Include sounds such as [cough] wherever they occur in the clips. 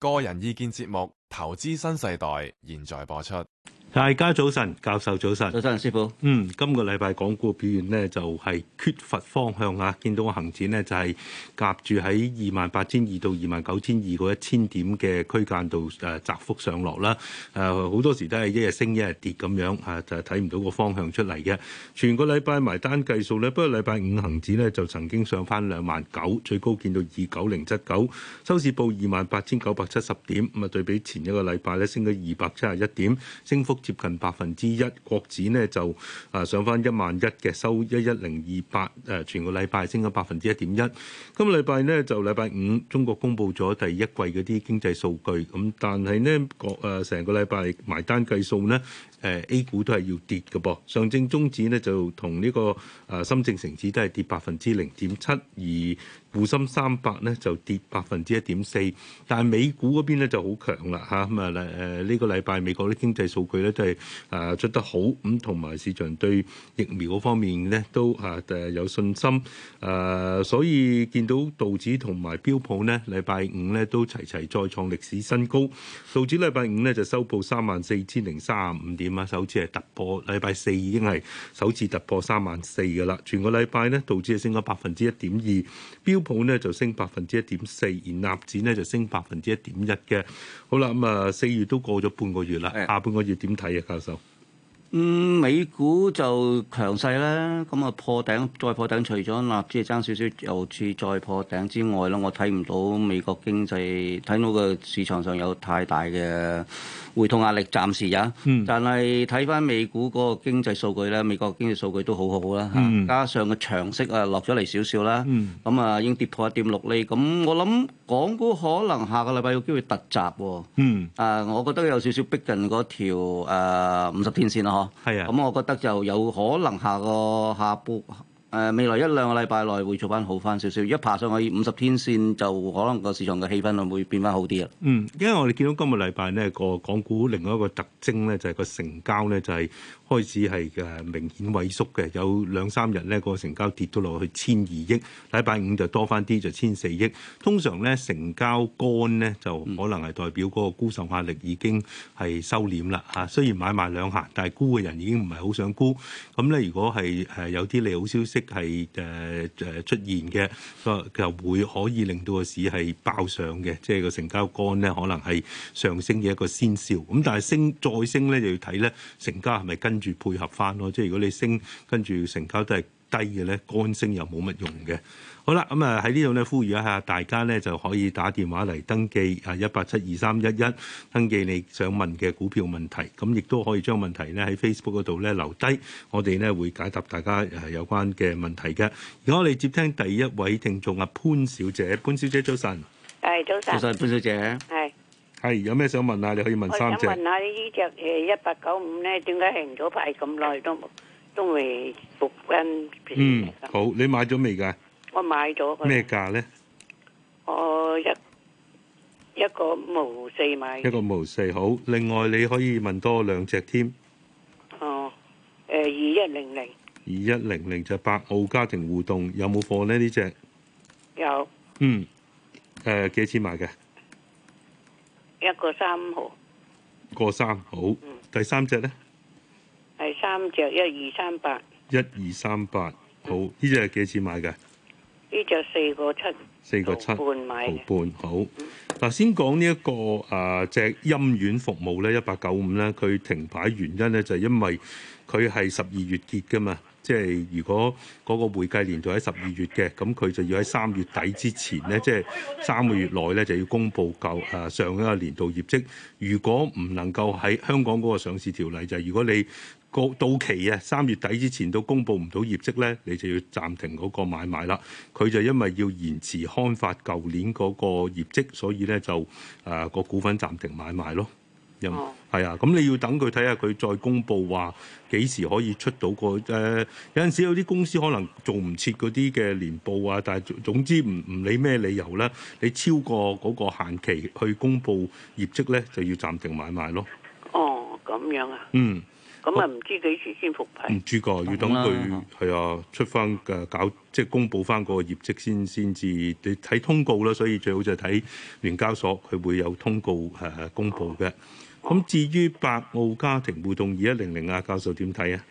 個人意見節目《投資新世代》現在播出。大家早晨，教授早晨，早晨，師傅。嗯，今個禮拜港股表現呢，就係、是、缺乏方向啊！見到個恆指呢，就係、是、夾住喺二萬八千二到二萬九千二個一千點嘅區間度誒、啊、窄幅上落啦。誒、啊、好多時都係一日升一日跌咁樣嚇，就係睇唔到個方向出嚟嘅。全個禮拜埋單計數呢，不過禮拜五恆指呢，就曾經上返兩萬九，最高見到二九零七九，收市報二萬八千九百七十點。咁、嗯、啊對比前一個禮拜咧升咗二百七十一點，升幅，接近百分之一，國指呢就啊上翻一萬一嘅收一一零二八，誒全個禮拜升咗百分之一點一。今個禮拜呢，就禮拜五，中國公布咗第一季嗰啲經濟數據，咁但係呢，國誒成個禮拜埋單計數呢誒、呃、A 股都係要跌嘅噃，上證綜指呢，就同呢個誒深證成指都係跌百分之零點七二。而滬深三百呢就跌百分之一點四，但係美股嗰邊呢就好強啦吓。咁啊誒呢，這個禮拜美國啲經濟數據呢都係誒、呃、出得好，咁同埋市場對疫苗嗰方面呢都誒有信心，誒、呃。所以見到道指同埋標普呢禮拜五呢都齊齊再創歷史新高，道指禮拜五呢就收報三萬四千零三十五點啊，首次係突破，禮拜四已經係首次突破三萬四嘅啦，全個禮拜呢，道指係升咗百分之一點二，標。標普咧就升百分之一點四，而納指咧就升百分之一點一嘅。好啦，咁啊四月都過咗半個月啦，的下半個月點睇啊，教授？嗯，美股就強勢啦，咁啊破頂再破頂，除咗納指爭少少又似再破頂之外啦，我睇唔到美國經濟睇到個市場上有太大嘅回吐壓力，暫時啊，嗯、但係睇翻美股個經濟數據咧，美國經濟數據都好好啦，啊嗯、加上個長息啊落咗嚟少少啦，咁啊、嗯、已經跌破一點六厘。咁我諗港股可能下個禮拜有機會突襲喎，嗯、啊，我覺得有少少逼近嗰條五十、呃、天線啦係啊，咁我覺得就有可能下個下波，誒、呃，未來一兩個禮拜內會做翻好翻少少，一爬上去五十天線就可能個市場嘅氣氛會變翻好啲啊。嗯，因為我哋見到今個禮拜呢個港股另外一個特徵呢，就係、是、個成交呢，就係、是。開始係誒明顯萎縮嘅，有兩三日咧、個成交跌到落去千二億，禮拜五就多翻啲就千四億。通常咧成交乾咧就可能係代表嗰個沽售壓力已經係收斂啦嚇。雖然買賣兩行，但係沽嘅人已經唔係好想沽。咁咧如果係誒有啲利好消息係誒誒出現嘅，就就會可以令到個市係爆上嘅，即係個成交乾咧可能係上升嘅一個先兆。咁但係升再升咧就要睇咧成交係咪跟住配合翻咯，即係如果你升跟住成交都係低嘅咧，乾升又冇乜用嘅。好啦，咁啊喺呢度咧，呼籲一下大家咧就可以打電話嚟登記啊，一八七二三一一登記你想問嘅股票問題，咁亦都可以將問題咧喺 Facebook 嗰度咧留低，我哋咧會解答大家誒有關嘅問題嘅。而家我哋接聽第一位聽眾阿潘小姐，潘小姐早晨，誒早晨，早晨潘小姐。係有咩想問啊？你可以問三隻。我想問下呢隻誒一八九五咧，點解停咗牌咁耐都都未復跟？嗯，好，你買咗未噶？我買咗。咩價咧？我一一個毛四買。一個毛四好。另外你可以問多兩隻添。哦，誒二一零零。二一零零就百奧家庭互動有冇貨咧？呢隻有。嗯，誒幾多錢買嘅？一個三號，個三號，第三隻呢？係三隻一二三八，一二三八好，呢隻係幾錢買嘅？呢隻四個七，四個七半買，毫半好。嗱，先講呢、這、一個誒、呃、隻音院服務咧，一八九五咧，佢停牌原因咧就係因為佢係十二月結噶嘛。即係如果嗰個會計年度喺十二月嘅，咁佢就要喺三月底之前咧，即係三個月內咧就要公布舊誒上一個年度業績。如果唔能夠喺香港嗰個上市條例就係，如果你到期啊三月底之前都公布唔到業績咧，你就要暫停嗰個買賣啦。佢就因為要延遲刊發舊年嗰個業績，所以咧就誒個股份暫停買賣咯。哦，係啊、嗯，咁、嗯、你要等佢睇下佢再公布話幾時可以出到個誒、呃，有陣時有啲公司可能做唔切嗰啲嘅年報啊，但係總之唔唔理咩理由咧，你超過嗰個限期去公布業績咧，就要暫停買賣咯。哦，咁樣啊。嗯，咁啊唔知幾時先復牌。唔、嗯、知㗎，要等佢係啊出翻嘅搞即係公布翻嗰個業績先先至，你睇通告啦。所以最好就睇聯交所佢會有通告誒、呃、公佈嘅。咁至於百奧家庭互動二一零零啊，教授點睇啊？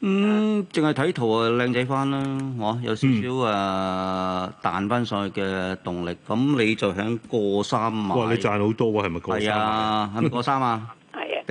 咁淨係睇圖啊，靚仔翻啦，哇！有少少啊、嗯呃、彈翻上去嘅動力，咁你就響過三買。哇！你賺好多喎，係咪過三？係啊，係咪過三啊？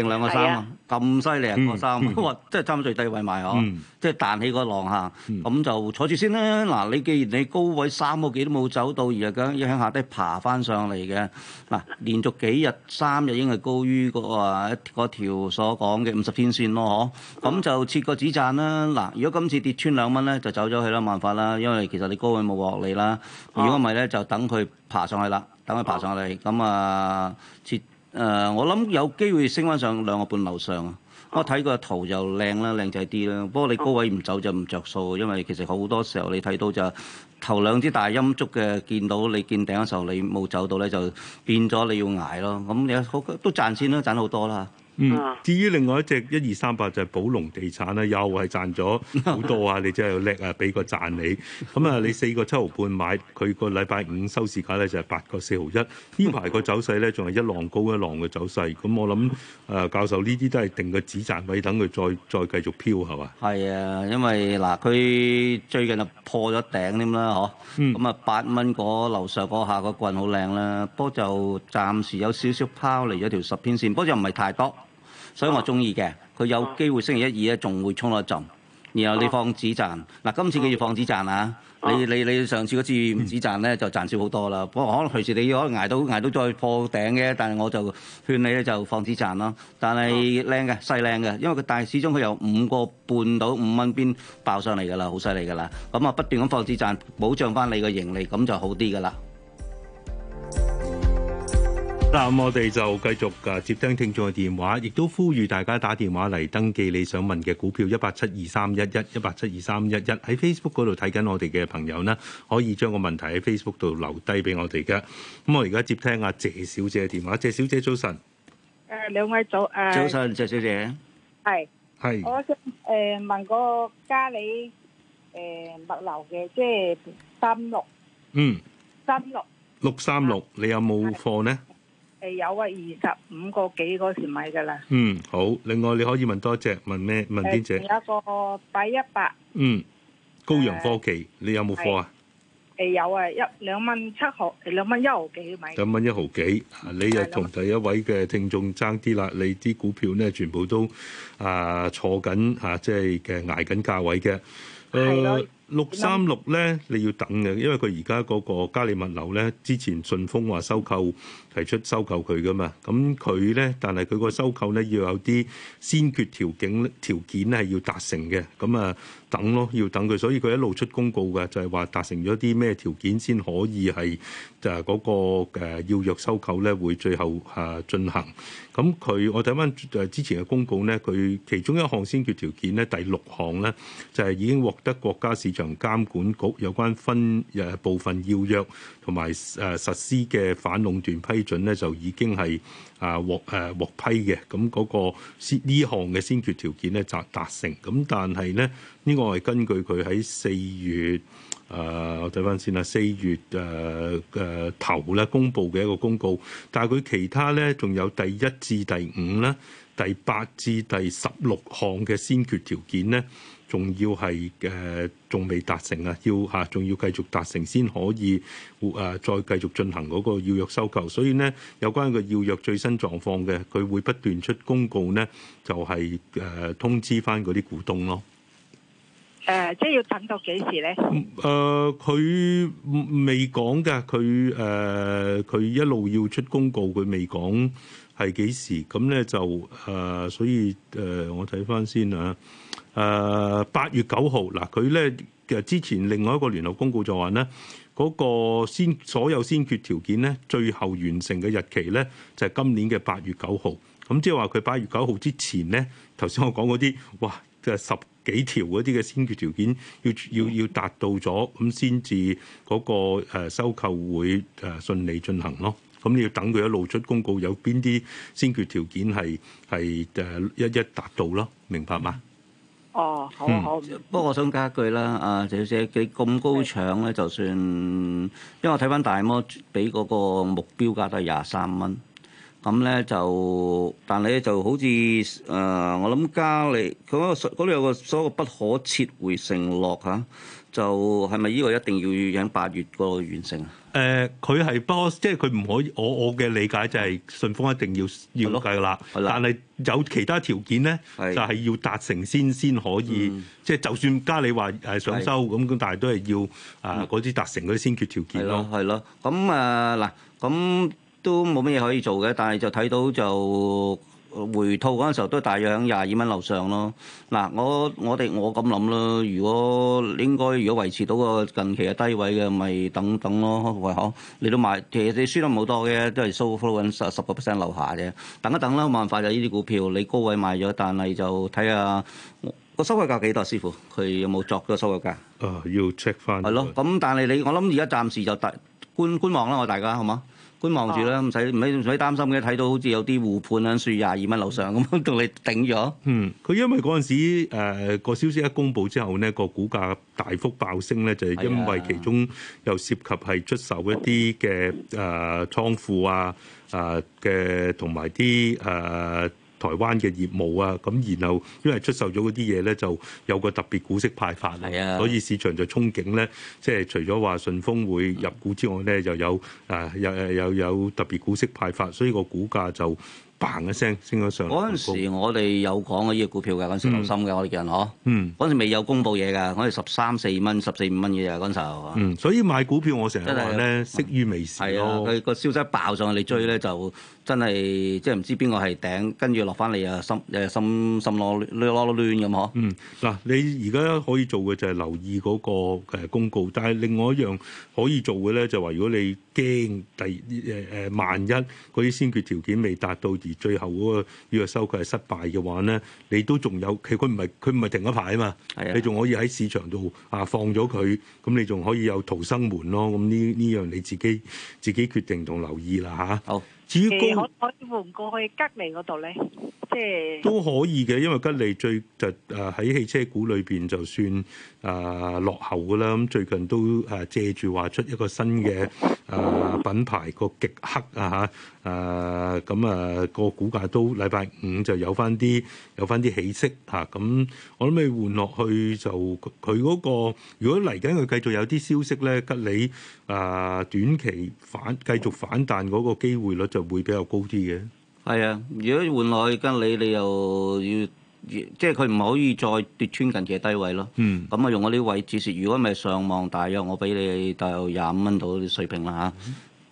定兩個三啊！咁犀利啊個三，即係差唔多最低位賣呵，嗯、即係彈起個浪嚇，咁、嗯、就坐住先啦。嗱，你既然你高位三個幾都冇走到，而家咁要向下低爬翻上嚟嘅，嗱，連續幾日三日應該係高於、嗰個啊個條所講嘅五十天線咯，呵。咁、嗯、就設個止賺啦。嗱，如果今次跌穿兩蚊咧，就走咗去啦，冇辦法啦。因為其實你高位冇獲利啦。如果唔係咧，就等佢爬上去啦，等佢、嗯嗯、爬上嚟，咁啊設。切誒、呃，我諗有機會升翻上兩個半樓上啊！我睇個圖就靚啦，靚仔啲啦。不過你高位唔走就唔着數，因為其實好多時候你睇到就頭兩支大陰燭嘅，見到你見頂嘅時候你冇走到咧，就變咗你要捱咯。咁、嗯、你好都賺錢啦，賺好多啦。嗯，啊、至於另外一隻一二三八就係寶龍地產啦，又係賺咗好多啊、 [laughs] 嗯！你真係叻啊，俾個讚你。咁啊，你四個七毫半買，佢個禮拜五收市價咧就係八個四毫一。呢排個走勢咧仲係一浪高一浪嘅走勢，咁我諗誒教授呢啲都係定個止賺位，等佢再再繼續飄係嘛？係啊、嗯，因為嗱佢最近就破咗頂添啦，嗬。咁啊八蚊個樓上個下個棍好靚啦，不過就暫時有少少拋離咗條十天線，不過就唔係太多。所以我中意嘅，佢有機會星期一、二咧仲會衝一陣，然後你放止賺。嗱，今次你要放止賺啊！賺啊你你你上次嗰次唔止賺咧，就賺少好多啦。不過可能隨時你可能捱到捱到再破頂嘅，但係我就勸你咧就放止賺咯。但係靚嘅，細靚嘅，因為佢但係始終佢有五個半到五蚊邊爆上嚟㗎啦，好犀利㗎啦。咁啊不斷咁放止賺，保障翻你個盈利，咁就好啲㗎啦。嗱，我哋就繼續誒接聽聽眾嘅電話，亦都呼籲大家打電話嚟登記你想問嘅股票一八七二三一一一八七二三一一，喺 Facebook 嗰度睇緊我哋嘅朋友呢，可以將個問題喺 Facebook 度留低俾我哋嘅。咁我而家接聽阿謝小姐嘅電話，謝小姐早晨。誒，兩位早誒。Uh, 早晨，謝小姐。係係，我想誒問個嘉里誒物流嘅即係三六嗯三六六三六，啊，你有冇貨呢？誒，有啊，二十五個幾嗰時買噶啦。嗯，好。另外你可以問多一隻，問咩？問邊隻？有一個百一百。嗯，高陽科技，你有冇貨啊？誒，有啊，一兩蚊七毫，兩蚊一毫幾買。兩蚊一毫幾，你又同第一位嘅聽眾爭啲啦！你啲股票呢，全部都啊，坐緊啊，即係嘅挨緊價位嘅。係咯。六三六咧，你要等嘅，因為佢而家嗰個嘉里物流咧，之前順豐話收購，提出收購佢噶嘛，咁佢咧，但係佢個收購咧要有啲先決條件，條件咧係要達成嘅，咁啊。等咯，要等佢，所以佢一路出公告嘅就係話達成咗啲咩條件先可以係就係嗰個要約收購咧，會最後誒進行。咁佢我睇翻誒之前嘅公告咧，佢其中一項先決條件咧，第六項咧就係已經獲得國家市場監管局有關分誒部分要約同埋誒實施嘅反壟斷批准咧，就已經係。啊獲誒、呃、獲批嘅，咁、那、嗰個呢項嘅先決條件咧就達成，咁但係咧呢、這個係根據佢喺四月、呃、我睇翻先啦，四月誒誒、呃呃、頭咧公佈嘅一個公告，但係佢其他咧仲有第一至第五啦、第八至第十六項嘅先決條件咧。仲要係誒仲未達成啊！要嚇仲要繼續達成先可以誒、呃、再繼續進行嗰個要約收購，所以呢，有關個要約最新狀況嘅，佢會不斷出公告呢就係、是、誒、呃、通知翻嗰啲股東咯。誒、呃，即係要等到幾時呢？誒、呃，佢未講嘅，佢誒佢一路要出公告，佢未講係幾時。咁呢，就誒、呃，所以誒、呃，我睇翻先啊。呃誒八、呃、月九號嗱，佢咧嘅之前另外一個聯絡公告就話咧，嗰、那個先所有先決條件咧，最後完成嘅日期咧就係、是、今年嘅八月九號。咁、嗯、即係話佢八月九號之前咧，頭先我講嗰啲哇即係十幾條嗰啲嘅先決條件要要要，要達到咗咁先至嗰個收購會誒順利進行咯。咁、嗯、要等佢一路出公告，有邊啲先決條件係係誒一一達到咯？明白嗎？哦，好好、嗯。不過我想加一句啦，啊謝謝你咁高搶咧，就算，因為我睇返大摩俾嗰個目標價都係廿三蚊，咁咧就，但係咧就好似誒、呃，我諗加你，佢嗰度有個所，所謂不可撤回承諾嚇。就係咪呢個一定要喺八月個完成啊？誒、呃，佢係不即係佢唔可以，我我嘅理解就係順豐一定要要計噶啦。的但係有其他條件咧，的就係要達成先先可以。嗯、即係就算加你話誒想收咁咁，的但係都係要的啊嗰啲達成嗰啲先決條件咯。係咯，咁啊嗱，咁、啊、都冇乜嘢可以做嘅，但係就睇到就。回吐嗰陣時候都係大約喺廿二蚊樓上咯。嗱、啊，我我哋我咁諗咯。如果應該如果維持到個近期嘅低位嘅，咪等等咯，喂好，你都賣，其實你輸得唔好多嘅，都係收翻十十個 percent 樓下啫。等一等啦，冇辦法就呢啲股票，你高位賣咗，但係就睇下個收購價幾多，師傅佢有冇作個收購價？啊，要 check 翻。係咯，咁但係你我諗而家暫時就大觀觀望啦，我大家好嗎？觀望住啦，唔使唔使唔使擔心嘅，睇到好似有啲護盤，喺樹廿二蚊樓上咁，同你頂咗。嗯，佢因為嗰陣時誒個、呃、消息一公佈之後呢個股價大幅爆升咧，就係、是、因為其中又涉及係出售一啲嘅誒倉庫啊，啊嘅同埋啲誒。台灣嘅業務啊，咁然後因為出售咗嗰啲嘢咧，就有個特別股息派發，啊、所以市場就憧憬咧，即係除咗話順豐會入股之外咧，又有啊有誒又有，有特別股息派發，所以個股價就嘭一聲升咗上。嗰陣時我哋有講呢啲股票嘅，嗰陣時留心嘅我哋人呵，嗯，嗰陣、啊、時未有公布嘢㗎，我哋十三四蚊、十四五蚊嘅嘢嗰陣時候，嗯，所以買股票我成日話咧識於微時，係啊，佢個消息爆上去，你追咧就。真係即係唔知邊個係頂，跟住落翻嚟啊！心誒心心攞攞攞攣咁嗬，嗯，嗱，你而家可以做嘅就係留意嗰個公告，但係另外一樣可以做嘅咧，就話如果你驚第誒誒萬一嗰啲先決條件未達到而最後嗰個呢個收購係失敗嘅話咧，你都仲有佢佢唔係佢唔係停咗牌啊嘛。係啊，你仲可以喺市場度啊放咗佢，咁你仲可以有逃生門咯。咁呢呢樣你自己自己決定同留意啦嚇。好。可可以換過去隔離嗰度咧。 [noise] 都可以嘅，因為吉利最就誒喺汽車股裏邊就算誒、呃、落後㗎啦。咁最近都誒借住話出一個新嘅誒、呃、品牌個極氪啊嚇誒，咁啊，啊個股價都禮拜五就有翻啲有翻啲起色嚇。咁、啊啊、我諗你換落去就佢嗰、那個，如果嚟緊佢繼續有啲消息咧，吉利誒、呃、短期反繼續反彈嗰個機會率就會比較高啲嘅。係啊，如果換來跟你你又要即係佢唔可以再跌穿近期低位咯。咁啊、嗯，用我啲位置蝕，如果咪上望，大約我俾你大約廿五蚊到啲水平啦嚇。啊、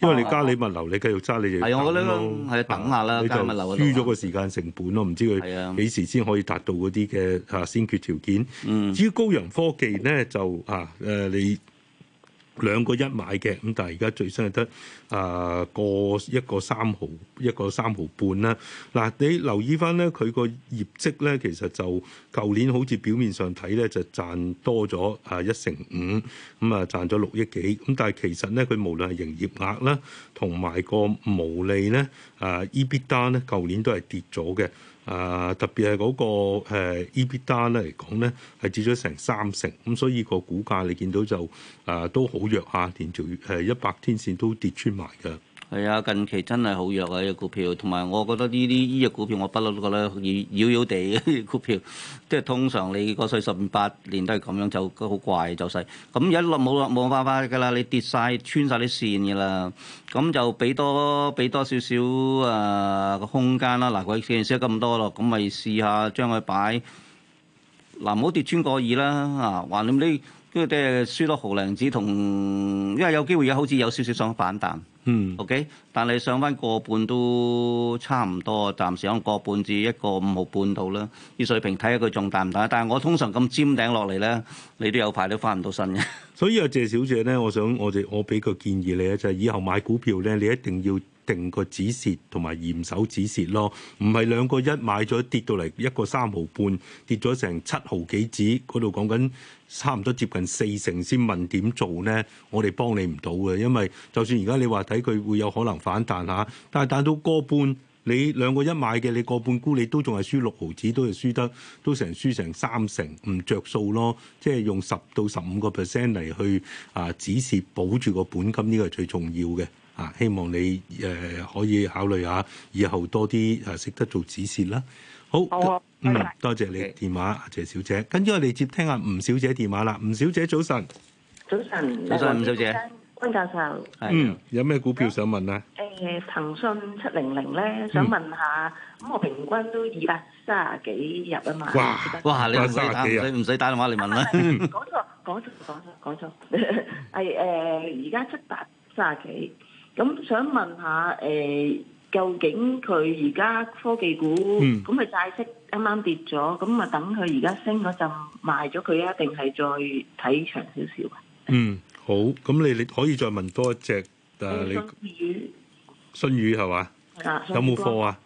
因為你嘉里物流，你繼續揸你哋。係我咧、這個，係等下啦，嘉里物流啊。輸咗個時間成本咯，唔知佢幾時先可以達到嗰啲嘅嚇先決條件。嗯、至於高陽科技咧，就嚇誒、啊、你兩個一買嘅，咁但係而家最新係得。啊，過一個三毫一個三毫半啦。嗱、啊，你留意翻咧，佢個業績咧，其實就舊年好似表面上睇咧，就賺多咗啊一成五，嗯，咁啊賺咗六億幾。咁但係其實咧，佢無論係營業額啦，同埋個毛利咧，啊 EBITDA 咧，舊年都係跌咗嘅。啊，特別係嗰、嗰個 EBITDA 咧嚟講咧，係、啊、跌咗成三成。咁所以個股價你見到就啊都好弱嚇，連條誒一百天線都跌穿。埋嘅，係啊！近期真係好弱啊！呢個股票，同埋我覺得呢啲醫藥股票，我不嬲都覺得搖搖地股票，即係通常你個歲十五八年都係咁樣走，好怪走勢。咁一落冇落冇辦法㗎啦！你跌晒、穿晒啲線㗎啦，咁就俾多俾多少少啊個空間啦。嗱、呃，佢鬼死咁多咯，咁咪試下將佢擺嗱，唔、呃、好跌穿個耳啦啊！吓，話你呢？跟住啲輸多毫零紙，同因為有機會而好似有少少想反彈，嗯，OK，但係上翻個半都差唔多，暫時上個半至一個五毫半度啦。啲水平睇下佢仲大唔大。但係我通常咁尖頂落嚟咧，你都有排都翻唔到身嘅。所以啊，謝小姐咧，我想我哋我俾個建議你咧，就係以後買股票咧，你一定要定個止蝕同埋嚴守止蝕咯，唔係兩個一買咗跌到嚟一個三毫半，跌咗成七毫幾紙嗰度講緊。差唔多接近四成先問點做呢？我哋幫你唔到嘅，因為就算而家你話睇佢會有可能反彈下，但係彈到個半，你兩個一買嘅，你個半沽你都仲係輸六毫子，都係輸得都成輸成三成，唔着數咯。即係用十到十五個 percent 嚟去啊止蝕，保住個本金呢個係最重要嘅。啊，希望你誒可以考慮下以後多啲誒識得做止蝕啦。好。好啊嗯，多謝你電話，謝小姐。跟住我哋接聽下吳小姐電話啦。吳小姐早晨，早晨，早晨，吳小姐，溫教授，嗯，有咩股票想問咧？誒，騰訊七零零咧，想問下，咁我平均都二百卅幾入啊嘛。哇，哇，你唔使打唔使唔使打電話嚟問啦。講錯，講錯，講錯，講錯。係誒，而家七百卅幾，咁想問下誒。究竟佢而家科技股咁啊，債息啱啱跌咗，咁啊等佢而家升嗰陣賣咗佢啊，定係再睇長少少啊？嗯，好，咁你你可以再問多一隻誒，你信宇信宇係嘛？啊，有冇貨啊？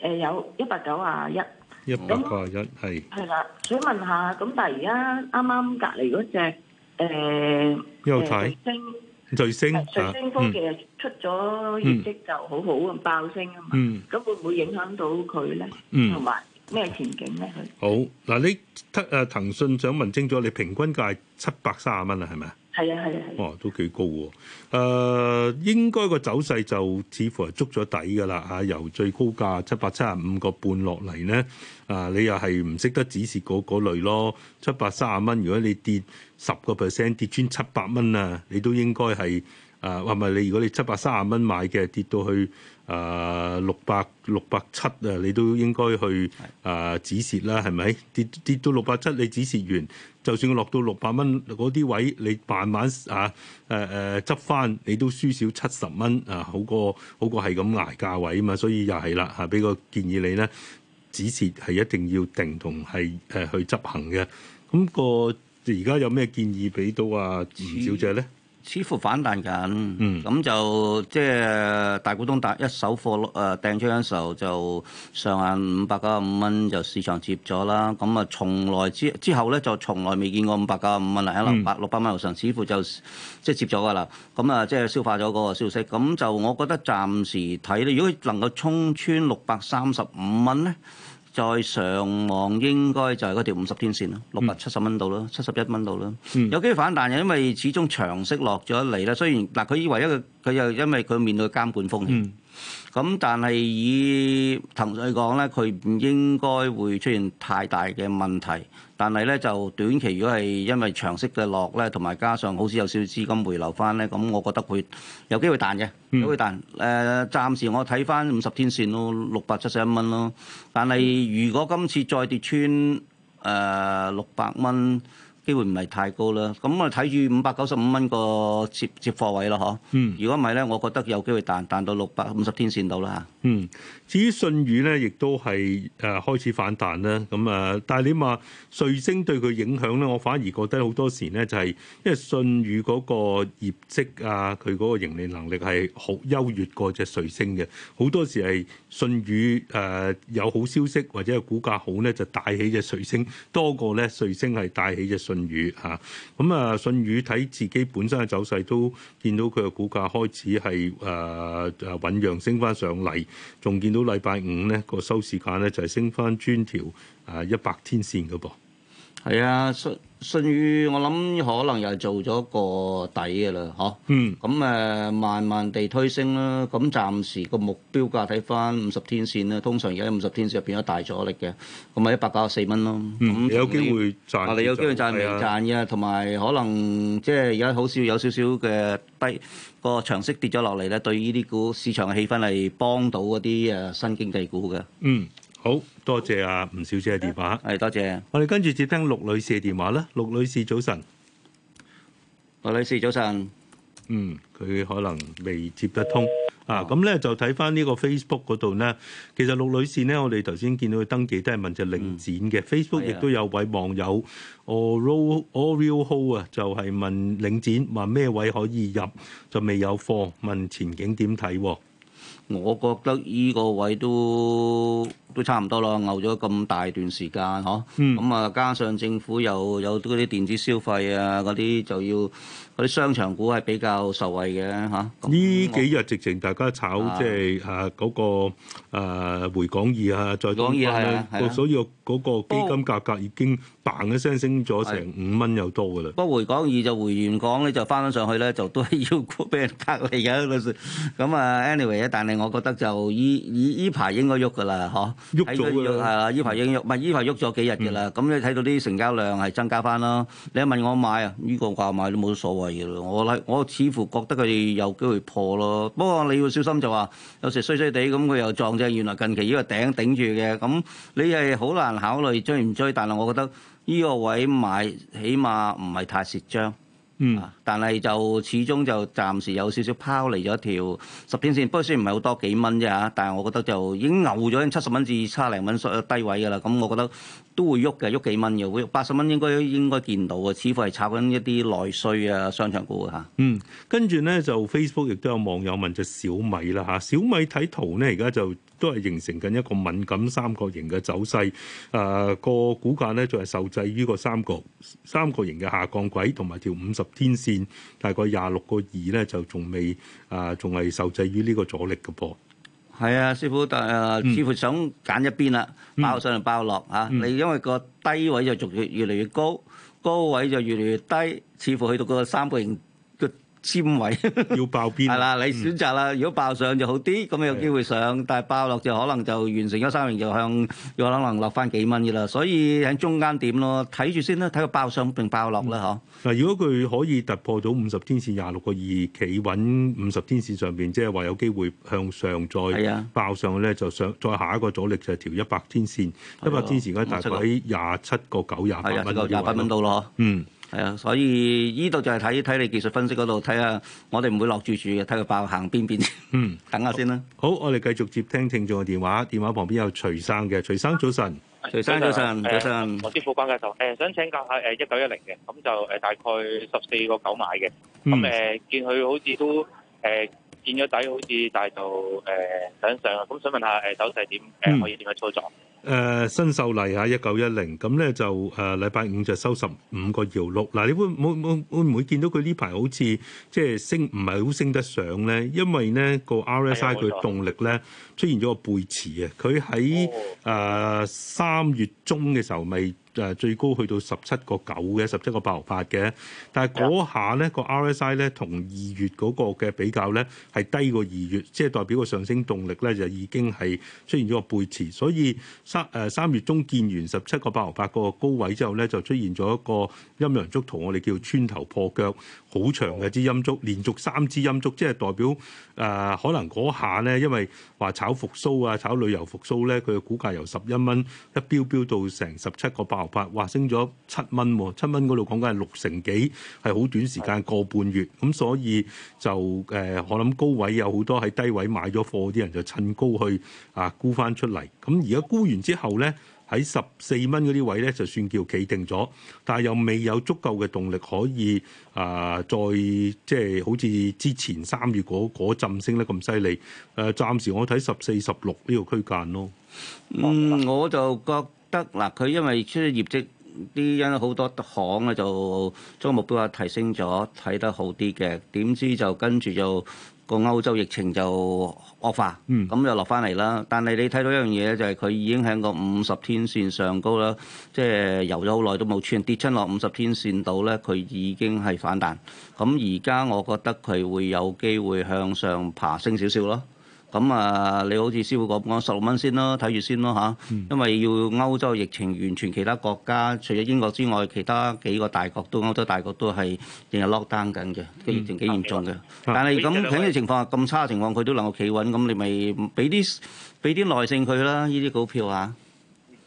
誒，有一百九啊一一百九啊一，係係啦，想問下咁，但係而家啱啱隔離嗰隻誒又睇升。上升，上、啊、升，科技出咗業績就好好咁、嗯、爆升啊嘛！咁、嗯、會唔會影響到佢咧？同埋咩前景咧？佢好嗱，你騰誒騰訊，想問清楚，你平均價係七百三十蚊啊，係咪？係啊，係啊，哦，都幾高喎！誒、呃，應該個走勢就似乎係捉咗底㗎啦嚇，由最高價七百七十五個半落嚟咧，啊，你又係唔識得指示嗰、嗰個、類咯？七百三十蚊，如果你跌十個 percent，跌穿七百蚊啊，你都應該係。啊，係咪你如果你七百三十蚊買嘅，跌到去啊六百六百七啊，呃、六百、六百七,你都應該去啊、呃、止蝕啦，係咪？跌跌到六百七，你止蝕完，就算佢落到六百蚊嗰啲位，你慢慢啊誒誒、啊啊、執翻，你都輸少七十蚊啊，好過好過係咁捱價位啊嘛，所以又係啦嚇，俾、啊、個建議你咧，止蝕係一定要定同係誒去執行嘅。咁、嗰個而家有咩建議俾到啊吳小姐咧？似乎反彈緊，咁、嗯、就即係、就是、大股東打一手貨咯。誒、呃、訂出嘅時候就上限五百九十五蚊，就市場接咗啦。咁啊，從來之之後咧，就從來未見過五百九十五蚊喺六百六百蚊樓上，嗯、似乎就即係、就是、接咗㗎啦。咁啊，即係消化咗嗰個消息。咁就我覺得暫時睇咧，如果能夠衝穿六百三十五蚊咧。再上望應該就係嗰條五十天線咯，六百七十蚊到啦，七十一蚊到啦。有機會反彈嘅，因為始終長息落咗嚟啦。雖然嗱，佢以為一個佢又因為佢面對監管風險，咁、嗯、但係以騰訊嚟講咧，佢唔應該會出現太大嘅問題。但係咧就短期，如果係因為長息嘅落咧，同埋加上好似有少少資金回流翻咧，咁我覺得會有機會彈嘅，有機會彈。誒、呃，暫時我睇翻五十天線咯，六百七十一蚊咯。但係如果今次再跌穿誒六百蚊，機會唔係太高啦。咁我睇住五百九十五蚊個接接貨位啦，嗬。嗯。如果唔係咧，我覺得有機會彈，彈到六百五十天線度啦。嗯。至於信宇咧，亦都係誒、呃、開始反彈啦。咁啊，但係你話瑞星對佢影響咧，我反而覺得好多時咧就係、是、因為信宇嗰個業績啊，佢嗰個盈利能力係好優越過隻瑞星嘅。好多時係信宇誒、呃、有好消息或者係股價好咧，就帶起隻瑞星多過咧瑞星係帶起隻信宇嚇。咁啊，啊，信宇睇自己本身嘅走勢都見到佢嘅股價開始係誒誒醞釀升翻上嚟，仲見到。到禮拜五呢個收市價呢，就係升翻專條啊一百天線嘅噃。係啊。信譽，我諗可能又係做咗個底嘅啦，嗬、嗯。咁誒、啊，慢慢地推升啦。咁、啊、暫時個目標價睇返五十天線啦。通常而家五十天線入邊有大阻力嘅，咁喺一百九十四蚊咯。嗯，嗯你你有機會賺、啊，我哋有機會賺未賺嘅，同埋的可能即係而家好少有少少嘅低個長息跌咗落嚟咧，對於呢啲股市場嘅氣氛係幫到嗰啲誒新經濟股嘅。嗯。好多謝阿、啊、吳小姐嘅電話，係多謝。我哋跟住接聽陸女士嘅電話啦，陸女士早晨。陸女士早晨。嗯，佢可能未接得通、哦、啊。咁咧就睇翻呢個 Facebook 嗰度呢，其實陸女士呢，我哋頭先見到佢登記都係問隻領展嘅 Facebook 亦都有位網友 a r l o Orio Ho 啊，All, All Home, 就係問領展話咩位可以入，就未有貨，問前景點睇？我覺得依個位都都差唔多啦，牛咗咁大段時間，嗬。咁啊，加上政府又有嗰啲電子消費啊，嗰啲就要嗰啲商場股係比較受惠嘅，嚇。呢幾日直情大家炒即係啊嗰個啊回港易啊，再講翻咧，所以嗰個基金價格已經 bang 一聲升咗成五蚊又多噶啦。不過回港易就回完港咧，就翻翻上去咧，就都係要估俾人隔離嘅，老實。咁啊，anyway，但係。我覺得就依依，依依排應該喐噶啦，嗬喐咗啦，依排應該喐，唔係依排喐咗幾日嘅啦。咁、嗯、你睇到啲成交量係增加翻咯。你一問我買啊，呢、呢個價買都冇乜所謂嘅。我我似乎覺得佢哋有機會破咯。不過你要小心就話，有時衰衰地咁佢又撞正原來近期呢個頂頂住嘅，咁你係好難考慮追唔追。但係我覺得依個位買起碼唔係太蝕張。嗯。但係就始終就暫時有少少拋離咗一條十天線，不過雖然唔係好多幾蚊啫嚇，但係我覺得就已經牛咗七十蚊至差零蚊低位㗎啦。咁我覺得都會喐嘅，喐幾蚊嘅，會八十蚊應該應該見到啊。似乎係炒緊一啲內需啊、商場股啊嚇。嗯，跟住咧就 Facebook 亦都有網友問就小米啦嚇，小米睇圖咧，而家就都係形成緊一個敏感三角形嘅走勢，誒、呃、個股價咧就係受制於個三角三角形嘅下降軌同埋條五十天線。大概廿六個二咧，就仲未啊，仲、呃、係受制於呢個阻力嘅噃。係啊，師傅，但、呃、係、嗯、似乎想揀一邊啦，爆上就爆落、嗯、啊。你因為個低位就逐越越嚟越高，高位就越嚟越低，似乎去到個三個形。纖維 [laughs] 要爆邊？係啦， [noise] 你選擇啦。如果爆上就好啲，咁有機會上；的但係爆落就可能就完成咗三連，就向有可能落翻幾蚊嘅啦。所以喺中間點咯，睇住先啦，睇個爆上並爆落啦，嗬。嗱，如果佢可以突破到五十天線廿六個二企穩五十天線上邊，即係話有機會向上再爆上咧，的就上再下一個阻力就係條一百天線。一百天線而家大概喺廿七個九廿八蚊到咯。嗯。嗯嗯。係啊，所以依度就係睇睇你技術分析嗰度，睇下我哋唔會落住住嘅，睇佢爆行邊邊。嗯，等下先啦。好，我哋繼續接聽聽眾嘅電話，電話旁邊有徐生嘅。徐生早晨，徐生早晨。早晨。我師傅關教授，誒、呃、想請教下，誒一九一零嘅，咁就誒大概十四個九買嘅，咁誒、呃、見佢好似都誒。呃見咗底好似大到誒，想上，咁想問下誒，走勢點誒可以點去操作？誒新秀麗嚇一九一零，咁咧就誒禮拜五就收十五個搖六。嗱，你會會會會唔會見到佢呢排好似即係升唔係好升得上咧？因為咧個 RSI 佢動力咧出現咗個背馳啊！佢喺誒三月中嘅時候咪。誒最高去到十七個九嘅，十七個八毫八嘅，但係嗰下咧、個 RSI 咧同二月嗰個嘅比較咧係低過二月，即、就、係、是、代表個上升動力咧就已經係出現咗個背馳，所以三誒三月中見完十七個八毫八個高位之後咧，就出現咗一個陰陽燭，同我哋叫穿頭破腳，好長嘅支陰燭，連續三支陰燭，即、就、係、是、代表誒、呃、可能嗰下咧，因為話炒復蘇啊，炒旅遊復蘇咧，佢嘅股價由十一蚊一飆飆到成十七個八。頭發話升咗七蚊，七蚊嗰度講緊係六成幾，係好短時間個半月，咁所以就誒，我、呃、諗高位有好多喺低位買咗貨啲人就趁高去啊沽翻出嚟，咁而家沽完之後咧，喺十四蚊嗰啲位咧，就算叫企定咗，但係又未有足夠嘅動力可以啊、呃，再即係、就是、好似之前三月嗰陣升得咁犀利，誒、呃，暫時我睇十四十六呢個區間咯。嗯，我就覺得嗱，佢因為出咗業績，啲因為好多行咧就將目標啊提升咗，睇得好啲嘅。點知就跟住就個歐洲疫情就惡化，嗯，咁又落翻嚟啦。但係你睇到一樣嘢咧，就係佢已經喺個五十天線上高啦，即係遊咗好耐都冇穿，跌親落五十天線度咧，佢已經係反彈。咁而家我覺得佢會有機會向上爬升少少咯。咁啊，你好似師傅講講十六蚊先咯，睇住先咯吓，因為要歐洲疫情完全，其他國家除咗英國之外，其他幾個大國都歐洲大國都係成日 lockdown 緊嘅，個疫情幾嚴重嘅。但係咁喺呢個情況咁差嘅情況，佢都能夠企穩，咁你咪俾啲俾啲耐性佢啦，呢啲股票嚇。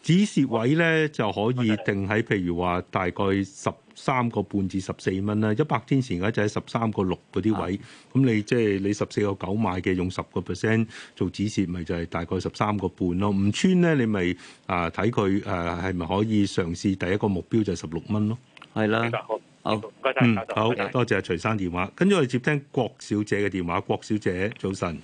止蝕位咧好就可以定喺譬如話大概十三個半至十四蚊啦，一百天前嗰就喺十三個六嗰啲位，咁、啊、你即係你十四個九買嘅，用十個 percent 做止蝕，咪就係大概十三個半咯。唔穿咧，你咪啊睇佢誒係咪可以嘗試第一個目標就係十六蚊咯。係啦，好唔，嗯，好多謝阿徐生電話，跟住我哋接聽郭小姐嘅電話，郭小姐早晨。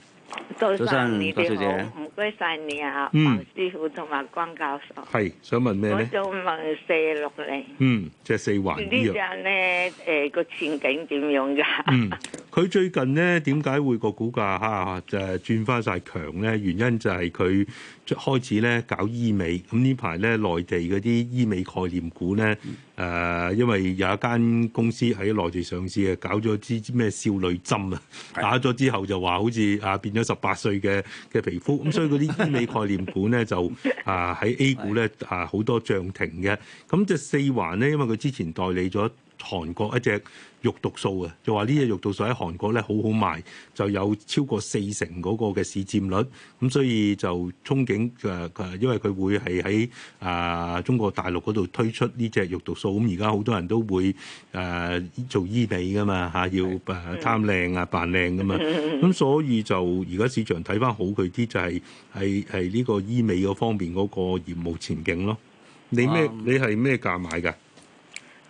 早晨你哋好，唔該晒你啊，嗯、黃師傅同埋關教授。係想問咩咧？我想問四六零。嗯，即、就、係、是、四環呢隻咧？誒、呃，個前景點樣噶？嗯。佢最近咧點解會個股價吓，就係轉翻晒強咧？原因就係佢開始咧搞醫美。咁呢排咧內地嗰啲醫美概念股咧，誒、呃、因為有一間公司喺內地上市啊，搞咗支咩少女針啊，打咗之後就話好似啊變咗十八歲嘅嘅皮膚。咁所以嗰啲醫美概念股咧就啊喺 A 股咧啊好多漲停嘅。咁即係四環咧，因為佢之前代理咗韓國一隻。肉毒素啊，就話呢隻肉毒素喺韓國咧好好賣，就有超過四成嗰個嘅市佔率，咁所以就憧憬誒，因為佢會係喺啊中國大陸嗰度推出呢隻肉毒素，咁而家好多人都會誒、呃、做醫美㗎嘛嚇、啊，要誒貪是靚啊扮靚㗎嘛，咁 [laughs] 所以就而家市場睇翻好佢啲就係係係呢個醫美嗰方面嗰個業務前景咯。你咩？啊、你係咩價買㗎？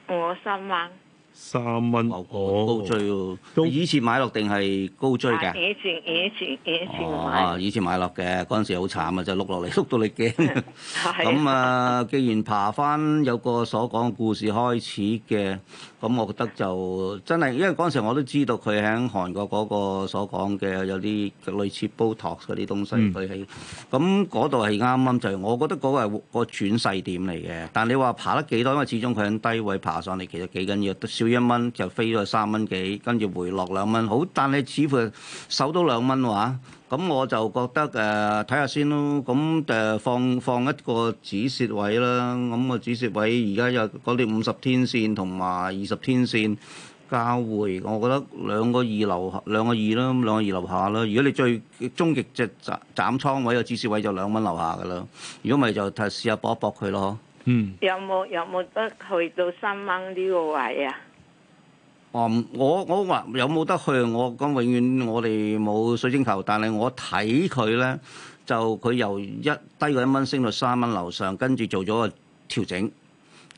我三萬。三蚊牛哦，高追喎、哦！以前買落定係高追嘅，以前以前以前以前買落嘅嗰陣時好慘啊，就碌落嚟碌到你驚。咁 [laughs] 啊，既然爬翻有個所講故事開始嘅，咁我覺得就真係，因為嗰陣時我都知道佢喺韓國嗰個所講嘅有啲類似 Botox 嗰啲東西佢喺，咁嗰度係啱啱就係，我覺得嗰個係個轉勢點嚟嘅。但係你話爬得幾多，因為始終佢喺低位爬上嚟，其實幾緊要，少。一蚊就飛咗三蚊幾，跟住回落兩蚊，好，但係似乎守到兩蚊哇，咁我就覺得誒睇下先咯。咁誒放放一個止蝕位啦，咁個止蝕位而家又講啲五十天線同埋二十天線交匯，我覺得兩個二樓兩個二啦，咁兩個二樓下啦。如果你最終極就斬斬倉位，個止蝕位就兩蚊樓下噶啦。如果咪就睇試下搏一搏佢咯。嗯，有冇有冇得去到三蚊呢個位啊？哦、um，我我話有冇得去？我講永遠我哋冇水晶球，但係我睇佢咧，就佢由一低過一蚊升到三蚊樓上，跟住做咗個調整，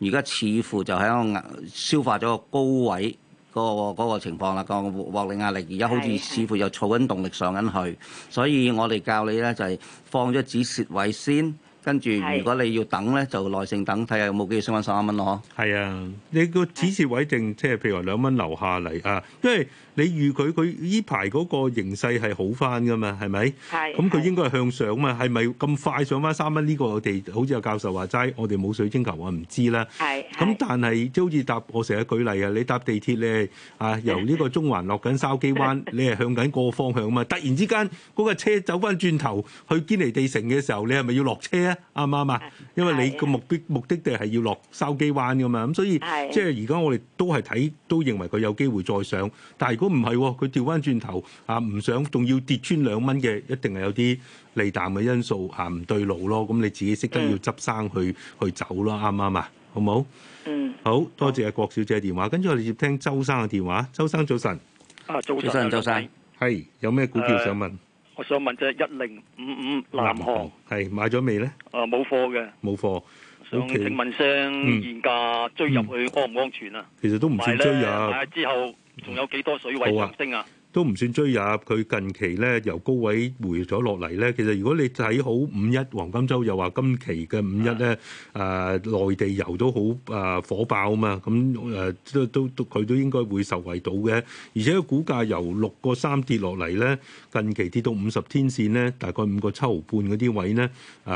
而家似乎就喺個消化咗個高位嗰、嗰個嗰個情況啦。個獲利壓力而家好似似乎又儲緊動力上緊去， [laughs] 所以我哋教你咧就係、是、放咗止蝕位先。跟住如果你要等咧，就耐性等睇下有冇機會升翻三蚊咯。嗬，係啊，你個指示位定即係是的 譬如話兩蚊留下嚟啊，因為你預佢佢依排嗰個形勢係好翻噶嘛，係咪？係咁佢應該係向上嘛？係咪咁快上翻三蚊？呢、這個我哋好似阿教授話齋我哋冇水晶球啊，唔知啦。係咁是的、嗯、但係即係好似搭我成日舉例啊，你搭地鐵咧啊，由呢個中環落緊筲箕灣你係向緊個方向啊嘛？突然之間嗰、那個車走翻轉頭去堅尼地城嘅時候，你係咪要落車啊？啱唔啱嘛，因為你個目的目的地係要落筲箕灣噶嘛，咁所以即係而家我哋都係睇，都認為佢有機會再上。但係如果唔係，佢調翻轉頭啊，唔想仲要跌穿兩蚊嘅，一定係有啲利淡嘅因素嚇唔對路咯。咁你自己識得要執生去去走咯，啱唔啱啊？好唔好？嗯，好多謝郭小姐嘅電話，跟住我哋接聽周生嘅電話。周生早晨，早晨周生，係有咩股票想問？我想問啫，一零五五南航係買咗未咧？啊，冇貨嘅，冇貨。想請問聲現價追入去安唔、嗯、安全啊？其實都唔算追、嗯、但係。之後仲有幾多水位上升啊？都唔算追入，佢近期咧由高位回咗落嚟咧。其實如果你睇好五一黃金周，又話今期嘅五一咧，誒內的、呃、地遊都好誒、呃、火爆啊嘛。咁、嗯、誒、呃、都都佢都，都應該會受惠到嘅。而且股價由六個三跌落嚟咧，近期跌到五十天線咧，大概五個七毫半嗰啲位咧，誒、呃、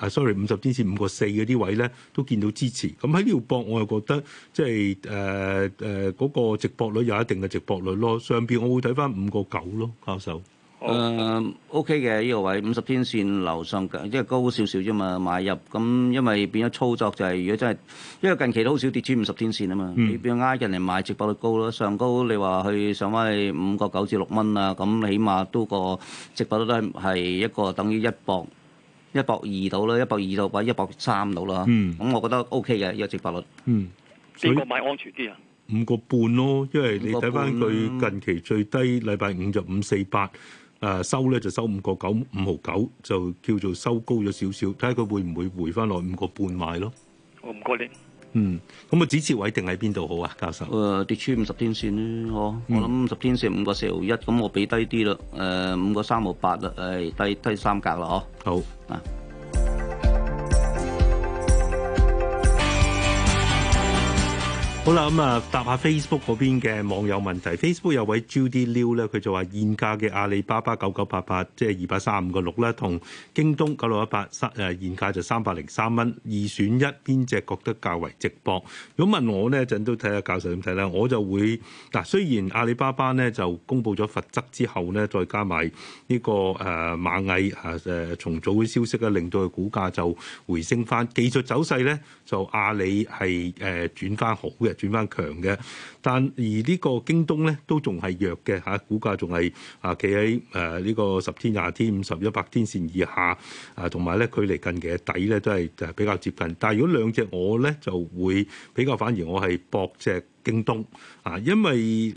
啊，sorry，五十天線五個四嗰啲位咧，都見到支持。咁喺呢度博，我又覺得即係誒誒嗰個值博率有一定嘅值博率咯。上邊我會睇。翻五個九咯，教授。誒，O K 嘅呢個位五十天線樓上，即係高少少啫嘛。買入。咁，因為變咗操作就係，如果真係，因為近期都好少跌穿五十天線啊嘛。你變咗呃人嚟買，值博率高咯。上高你話去上翻去五個九至六蚊啊，咁起碼都個值博率都係一個等於一博，一博二到啦，一博二到或者一博三到啦。嗯，咁我覺得 O K 嘅呢個值博率。嗯，呢個買安全啲啊。五個半咯，因為你睇翻佢近期最低禮拜五就五四八，誒收咧就收五個九五毫九，就叫做收高咗少少。睇下佢會唔會回翻落五個半買咯？好唔該你，嗯，咁啊，止蝕位定喺邊度好啊？教授誒，跌穿五十天線咧，我我諗五十天線五個四毫一，咁我俾低啲啦，誒五個三毫八啦，誒低低三格啦，嗬好啊。好啦，咁啊，答下 Facebook 嗰邊嘅網友問題。Facebook 有位 Judy Liu 咧，佢就話現價嘅阿里巴巴九九八八，即係二百三十五個六咧，同京東九六一八三，誒現價就三百零三蚊，二選一，邊隻覺得較為值博？如果問我呢一陣都睇下教授點睇咧，我就會嗱，雖然阿里巴巴咧就公布咗罰則之後咧，再加埋呢個誒螞蟻誒重組嘅消息咧，令到佢股價就回升翻。技術走勢咧，就阿里係誒轉翻好嘅。轉翻強嘅，但而呢個京東咧都仲係弱嘅嚇、啊，股價仲係啊企喺誒呢個十天，天、廿天、五十一百天線以下啊，同埋咧距離近嘅底咧都係就係比較接近。但係如果兩隻我咧就會比較反而我係博隻京東啊，因為誒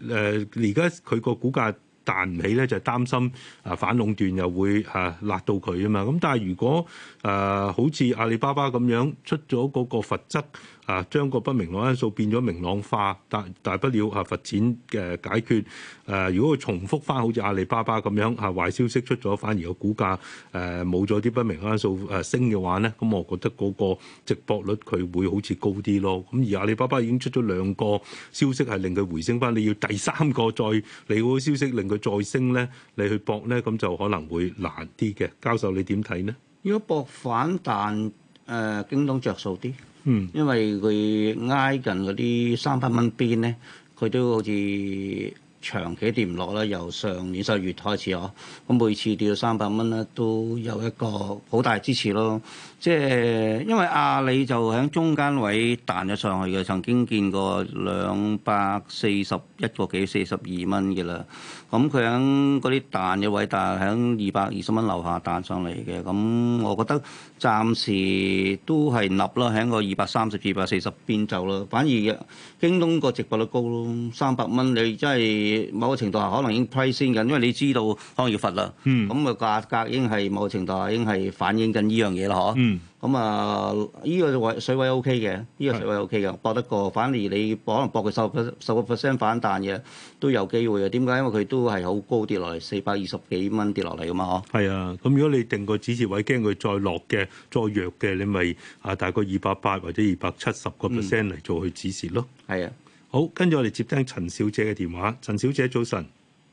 而家佢個股價彈唔起咧，就係、是、擔心啊反壟斷又會嚇、啊、辣到佢啊嘛。咁但係如果誒、啊、好似阿里巴巴咁樣出咗嗰個罰則。啊，將個不明朗因素變咗明朗化，大大不了啊，罰錢嘅解決。誒、呃，如果佢重複翻好似阿里巴巴咁樣，啊，壞消息出咗，反而個股價誒冇咗啲不明朗因素誒升嘅話咧，咁、嗯、我覺得個個值博率佢會好似高啲咯。咁而阿里巴巴已經出咗兩個消息係令佢回升翻，你要第三個再利好消息令佢再升咧，你去搏咧，咁就可能會難啲嘅。教授你點睇呢？如果搏反彈？誒、呃、京東着數啲，嗯、因為佢挨近嗰啲三百蚊邊咧，佢都好似長期跌唔落啦。由上年十月開始呵，咁每次跌到三百蚊咧，都有一個好大支持咯。即係因為阿里就喺中間位彈咗上去嘅，曾經見過兩百四十一個幾四十二蚊嘅啦。咁佢喺嗰啲彈嘅位，但係喺二百二十蚊樓下彈上嚟嘅。咁、嗯、我覺得暫時都係立啦，喺個二百三十至二百四十邊就啦。反而京東個直播率高咯，三百蚊你真係某個程度下可能已經 price 先緊，因為你知道康業佛啦，咁啊、嗯、價格已經係某個程度下已經係反映緊呢樣嘢啦，嗬、嗯？咁、嗯、啊，呢個位水位 OK 嘅，呢個水位 OK 嘅，博得過。的反而你可能博佢十十個 percent 反彈嘅，都有機會啊。點解？因為佢都係好高跌落嚟，四百二十幾蚊跌落嚟啊嘛，嗬。係啊，咁如果你定個指示位，驚佢再落嘅，再弱嘅，你咪啊大概二百八或者二百七十個 percent 嚟做佢指示咯。係啊的，好，跟住我哋接聽陳小姐嘅電話。陳小姐，早晨。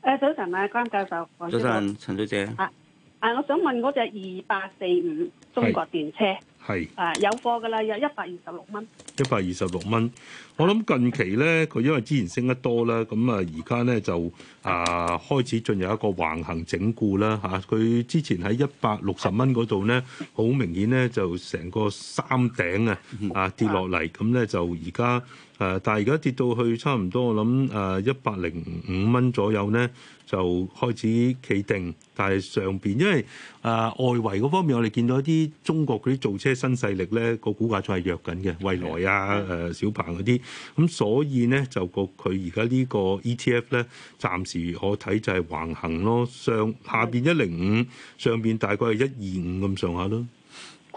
誒，早晨啊，關教授。早晨，陳小姐。啊啊！我想問嗰隻二八四五中國電車係啊有貨㗎啦，有一百二十六蚊，一百二十六蚊。我諗近期咧，佢因為之前升得多啦，咁啊而家咧就啊開始進入一個橫行整固啦嚇。佢、啊、之前喺一百六十蚊嗰度咧，好明顯咧就成個三頂啊啊跌落嚟，咁咧的就而家。誒，但係而家跌到去差唔多，我諗誒一百零五蚊左右咧，就開始企定。但係上邊，因為誒、呃、外圍嗰方面，我哋見到一啲中國嗰啲造車新勢力咧，個股價仲係弱緊嘅，蔚來啊誒、呃、小鵬嗰啲，咁、嗯、所以咧就個佢而家呢個 ETF 咧，暫時我睇就係橫行咯。上下邊一零五，上邊大概係一二五咁上下咯。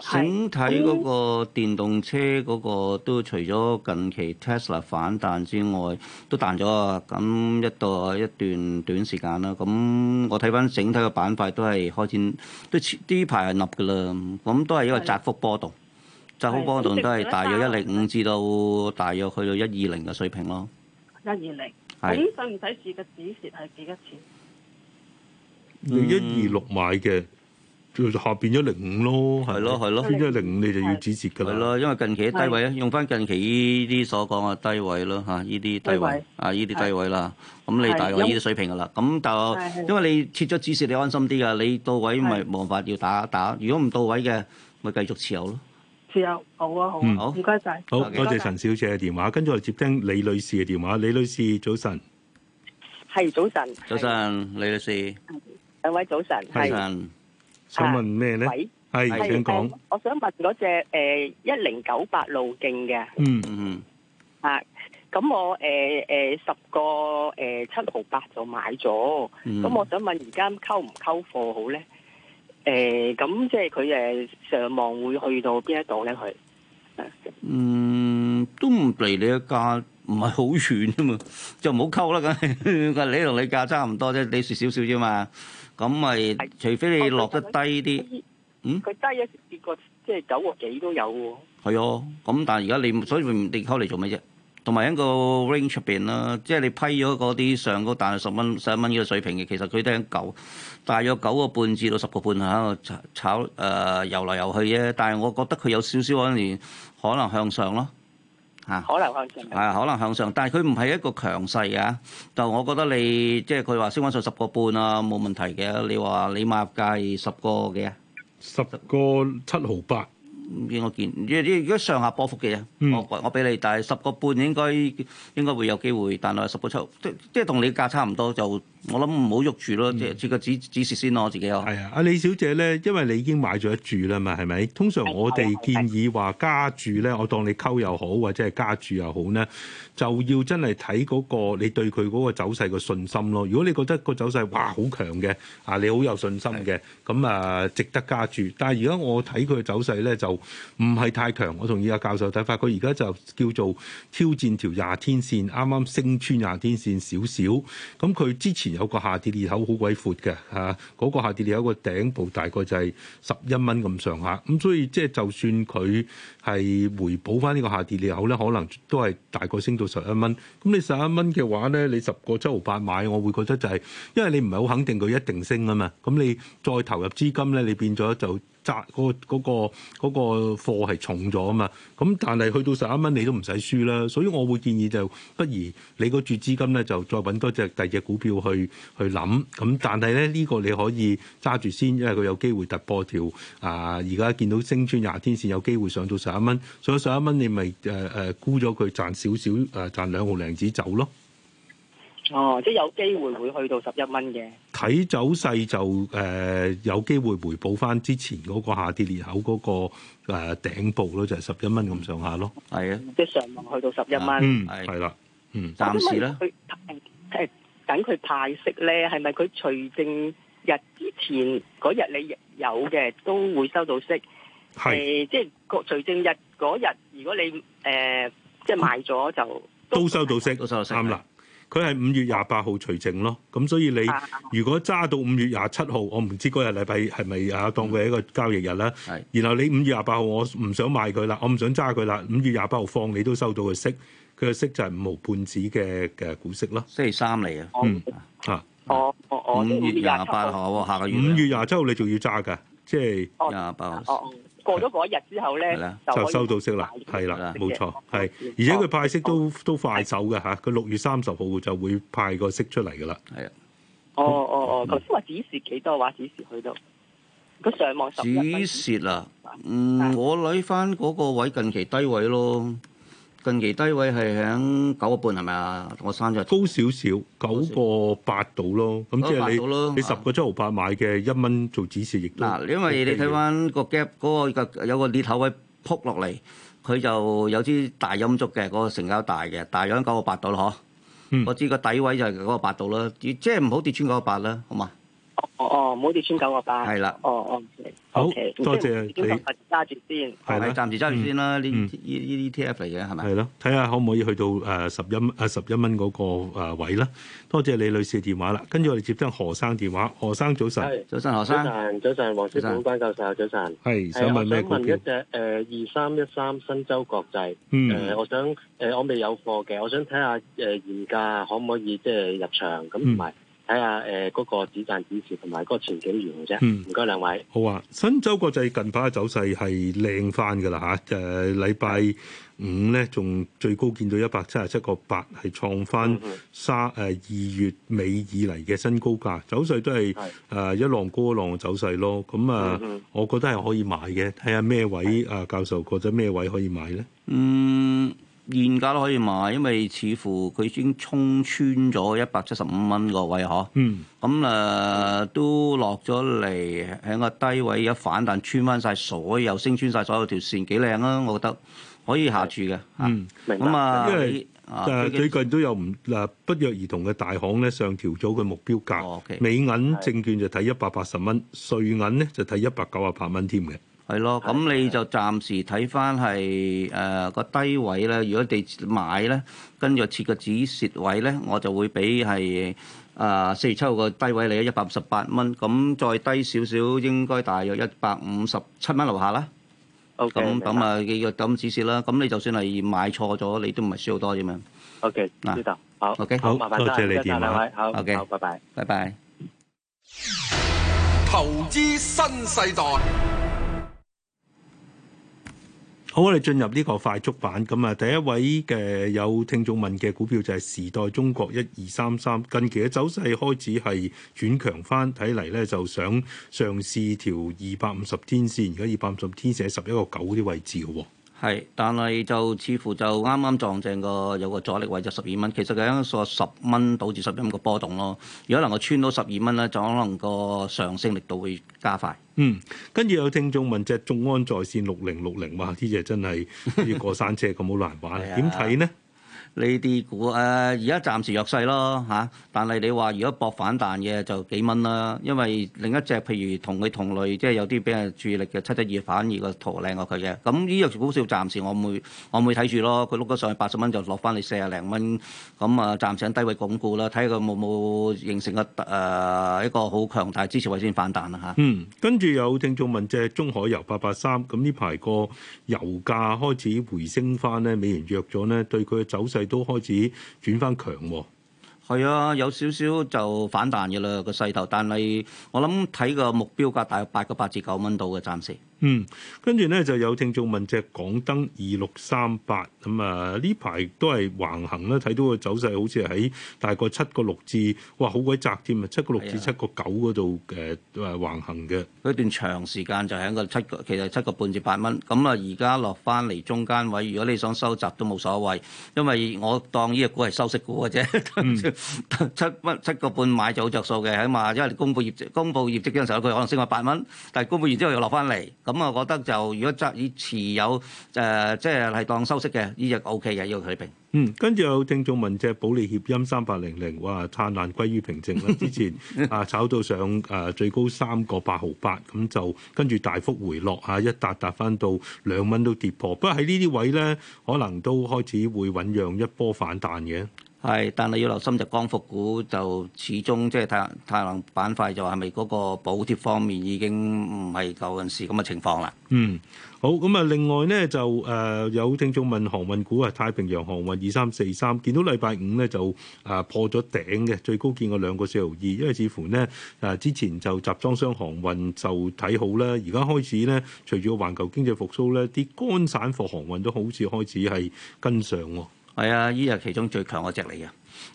整體嗰個電動車嗰個都除咗近期 Tesla 反彈之外，都彈咗啊！咁一到一段短時間啦，咁我睇返整體嘅板塊都係開始都呢排係立㗎啦，咁都係一個窄幅波動，的窄幅波動都係大約一零五至到大約去到一二零嘅水平咯，一二零。咁使唔使試嘅止蝕係幾多錢？你一二六買嘅。就下變咗零五咯，係咯，係咯，變咗零五你就要止蝕噶啦。係咯，因為近期啲低位啊，用翻近期依啲所講嘅低位咯嚇，依啲低位啊依啲低位啦。咁你大概依啲水平噶啦。咁就因為你設咗止蝕，你安心啲噶。你到位咪冇辦法要打打。如果唔到位嘅，咪繼續持有咯。持有好啊，好啊，好。唔該曬。好多謝陳小姐嘅電話，跟住我接聽李女士嘅電話。李女士早晨。係，早晨。早晨，李女士。兩位早晨。早晨。想問咩咧？係，請講。我想問嗰隻誒一零九八路勁嘅。嗯嗯嗯。啊，咁我誒誒十個誒七毫八就買咗。咁我想問而家溝唔溝貨好咧？誒，咁即係佢誒上望會去到邊一度咧？佢嗯，都唔離你價，唔係好遠啫嘛。就唔好溝啦，咁你同你價差唔多啫，你蝕少少啫嘛。咁咪，除非你落得低啲，嗯？佢低、嗯、一結個，即係九個幾都有喎。係哦，咁但係而家你所以佢唔跌出嚟做咩啫？同埋喺個 range 入邊啦，即係你批咗嗰啲上個，但係十蚊十一蚊呢個水平嘅，其實佢都喺九，大約九個半至到十個半喺度炒，誒、呃、遊來遊去啫。但係我覺得佢有少少可能可能向上咯。吓，啊、可能向上，係可能向上，但係佢唔係一個強勢嘅、啊，就我覺得你即係佢話升翻上十個半啊，冇問題嘅。你話你買入價十個幾啊？十個七毫八，應該見，如果上下波幅嘅啫、嗯。我我俾你，但係十個半應該應該會有機會，但係十個七即即係同你價差唔多就。我諗唔好喐住咯，即係接個指指示先咯，自己啊。係啊，阿李小姐咧，因為你已經買咗一注啦嘛，係咪？通常我哋建議話加注咧，的我當你溝又好或者係加注又好咧，就要真係睇嗰個你對佢嗰個走勢個信心咯。如果你覺得個走勢哇好強嘅啊，你好有信心嘅，咁啊的值得加注。但係而家我睇佢嘅走勢咧，就唔係太強。我同意阿教授睇法，佢而家就叫做挑戰條廿天線，啱啱升穿廿天線少少。咁佢之前。有個下跌裂口好鬼闊嘅嚇，嗰個下跌裂口個頂部大概就係十一蚊咁上下，咁所以即係就算佢。係回補翻呢個下跌裂口咧，可能都係大概升到十一蚊。咁你十一蚊嘅話咧，你十個七毫八買，我會覺得就係、是、因為你唔係好肯定佢一定升啊嘛。咁你再投入資金咧，你變咗就揸、嗰個嗰、嗰個嗰、嗰個貨係重咗啊嘛。咁但係去到十一蚊你都唔使輸啦。所以我會建議就不如你嗰注資金咧就再揾多隻第二隻股票去去諗。咁但係咧呢、呢個你可以揸住先，因為佢有機會突破條啊，而家見到升穿廿天線，有機會上到十一。十一蚊，所以十一蚊你咪誒誒沽咗佢賺少少誒賺兩毫零子走咯。哦，即係有機會會去到十一蚊嘅。睇走勢就誒有機會回補翻之前嗰個下跌裂口嗰個誒頂部咯，就係十一蚊咁上下咯。係啊，即係上行去到十一蚊。嗯，係啦，嗯，暫時啦。咁咪佢誒等佢派息咧？係咪佢除正日之前嗰日你有嘅都會收到息？係，即係除淨日嗰日，如果你誒即係賣咗就都收到息。啱啦，佢係五月廿八號除淨咯。咁、啊、所以你如果揸到五月廿七號，我唔知嗰日禮拜係咪啊當佢係一個交易日啦。是然後你五月廿八號我唔想賣佢啦，我唔想揸佢啦。五月廿八號放你都收到個息，佢個息就係五毫半紙嘅嘅股息咯。星期三嚟、嗯、啊！嗯嚇、啊，哦哦哦，五月廿八號，五、啊、月廿七號你仲要揸㗎，即係廿八號。啊啊過咗嗰一日之後咧，的就收到息啦，係啦，冇錯，係，而且佢派息都、哦、都快手嘅吓，佢六的月三十號就會派個息出嚟噶啦，係啊的、哦。哦哦哦，頭先話指示幾多話指示去到，佢上網指示啊，示嗯，我睇翻嗰個位近期低位咯。近期低位係喺九個半係咪啊？我刪咗。高少少，高少少，九個八度咯。咁即係你，嗯、你十個七毫八買嘅一蚊做指示亦都。嗱，因為你睇翻、嗰個 gap 嗰個有個裂口位撲落嚟，佢就有啲大陰燭嘅，嗰個成交大嘅，大約九個八度咯嗬。嗯、我知個底位就係九個八度啦，即係唔好跌穿九個八啦，好嘛？哦哦，唔好跌穿九個八。係啦，哦哦，好，多謝你。揸住先，係咪？暫時揸住先啦，呢呢呢啲 ETF 嚟嘅係咪？係咯，睇下可唔可以去到誒十一蚊誒十一蚊嗰個誒位啦。多謝李女士電話啦，跟住我哋接聽何生電話。何生早晨，早晨何生，早晨黃小生，關教授，早晨。係，係啊，我想問一隻誒二三一三申洲國際。嗯，我想誒我未有貨嘅，我想睇下誒現價可唔可以即係入場咁唔係？睇下誒嗰個指贊指跌同埋嗰個前景如何啫？嗯，唔該兩位、嗯。好啊，新洲國際近排嘅走勢係靚翻㗎啦嚇，誒禮拜五咧仲最高見到一百七十七個八，係創翻三誒二月尾以嚟嘅新高價。走勢都係誒是、啊、一浪高一浪走勢咯。咁啊，是我覺得係可以買嘅。睇下咩位啊，是教授覺得咩位可以買咧？嗯。現價都可以買，因為似乎佢已經衝穿咗一百七十五蚊個位嗬，嗯。咁誒、啊、都落咗嚟，喺個低位一反彈穿翻晒所有升穿晒所有條線，幾靚啊！我覺得可以下注嘅。啊、嗯，明白。咁啊，誒最近都有唔嗱不約而同嘅大行咧上調咗個目標價。啊 okay. 美銀證券就睇一百八十蚊，瑞銀咧就睇一百九啊八蚊添嘅。係咯，咁你就暫時睇翻係誒個低位啦。如果你哋買咧，跟住設個止蝕位咧，我就會俾係啊四月七號個低位你一百十八蚊。咁再低少少，應該大約一百五十七蚊樓下啦。O K，咁咁啊，你要咁止蝕啦。咁你就算係買錯咗，你都唔係輸好多啫嘛。O K，嗱，知道。好，O K，好多謝你點啊，兩位。O K，拜拜，拜拜。投資新世代。好，我哋進入呢個快速版咁啊！第一位嘅有聽眾問嘅股票就係時代中國一二三三，近期嘅走勢開始係轉強翻，睇嚟咧就想上試條二百五十天線，而家二百五十天線喺十一個九啲位置嘅喎。係，但係就似乎就啱啱撞正個有個阻力位就十二蚊，其實係響個十蚊到住十一蚊個波動咯。如果能夠穿到十二蚊咧，就可能個上升力度會加快。嗯，跟住有聽眾問隻眾安在線六零六零話，呢隻真係要 [laughs] 過山車咁，好難玩，點睇 [laughs] 呢？ [laughs] 呢啲股誒而家暫時弱勢咯嚇，但係你話如果搏反彈嘅就幾蚊啦，因為另一隻譬如同佢同類，即係有啲比較注意力嘅七七二反而個圖靚過佢嘅。咁呢隻股票暫時我唔會我唔會睇住咯，佢碌咗上去八十蚊就落翻你四十零蚊，咁啊暫時喺低位鞏固啦，睇下佢冇冇形成個誒一個好、呃、強大支持位先反彈啊嚇。嗯，跟住有聽眾問隻中海油八八三，咁呢排個油價開始回升翻咧，美元弱咗咧，對佢嘅走勢。都開始轉翻強喎，啊，係啊，有少少就反彈嘅啦，個勢頭，但係我諗睇個目標價大約八個八至九蚊度嘅暫時。嗯，跟住咧就有聽眾問隻港燈二六三八咁啊，呢排都係橫行啦，睇到個走勢好似喺大概七個六至，哇，好鬼窄添啊！七個六至七個九嗰度誒橫行嘅。一、嗯、段長時間就喺個七個，其實七個半至八蚊咁啊，而家落翻嚟中間位。如果你想收集都冇所謂，因為我當呢個股係收息股嘅啫。七七個半買就好著數嘅，起碼因為公佈業績，公佈業績嘅時候，佢可能升到八蚊，但係公佈完之後又落翻嚟。咁我覺得就如果質以持有誒，即係係當收息嘅，呢隻 O K 嘅要個水平。嗯，跟住有聽眾問隻保利協鑫三八零零，哇！燦爛歸於平靜啦。之前啊，炒到上誒最高三個八毫八，咁就跟住大幅回落嚇，一踏踏翻到兩蚊都跌破。不過喺呢啲位咧，可能都開始會醞釀一波反彈嘅。係，但係要留心就是、光伏股就始終即係太太陽板塊就係咪嗰個補貼方面已經唔係舊陣時咁嘅情況啦。嗯，好咁啊，另外呢，就誒、呃、有聽眾問航運股啊，太平洋航運二三四三，見到禮拜五呢，就誒破咗頂嘅，最高見過兩個四毫二，因為似乎呢誒、啊、之前就集裝箱航運就睇好啦，而家開始呢，隨住環球經濟復甦呢，啲乾散貨航運都好似開始係跟上喎。係啊，依日其中最強嗰隻嚟嘅，